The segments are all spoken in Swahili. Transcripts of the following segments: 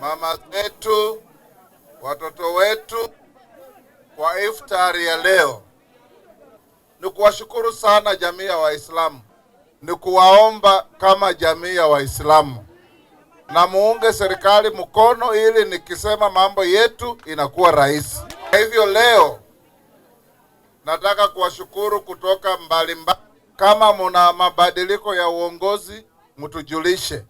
Mama zetu, watoto wetu, kwa iftari ya leo ni kuwashukuru sana jamii ya Waislamu, ni kuwaomba kama jamii ya Waislamu na muunge serikali mkono, ili nikisema mambo yetu inakuwa rahisi. Hivyo leo Nataka kuwashukuru kutoka mbalimbali. Kama muna mabadiliko ya uongozi, mtujulishe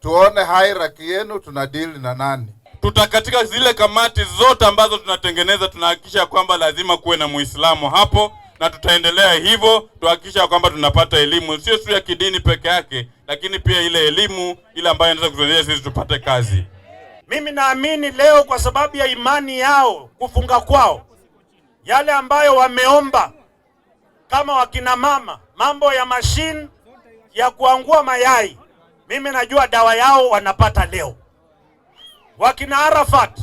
tuone hierarchy yenu, tuna deal na nani. Tutakatika zile kamati zote ambazo tunatengeneza, tunahakikisha kwamba lazima kuwe na Muislamu hapo, na tutaendelea hivyo, tuhakikisha kwamba tunapata elimu sio tu ya kidini peke yake, lakini pia ile elimu ile ambayo inaweza kutuwezesha sisi tupate kazi. Mimi naamini leo, kwa sababu ya imani yao, kufunga kwao yale ambayo wameomba kama wakina mama, mambo ya mashine ya kuangua mayai, mimi najua dawa yao wanapata leo. Wakina Arafat,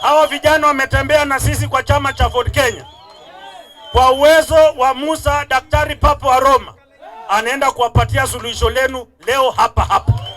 hawa vijana wametembea na sisi kwa chama cha Ford Kenya. Kwa uwezo wa Musa, Daktari papo wa Roma anaenda kuwapatia suluhisho lenu leo hapa hapa.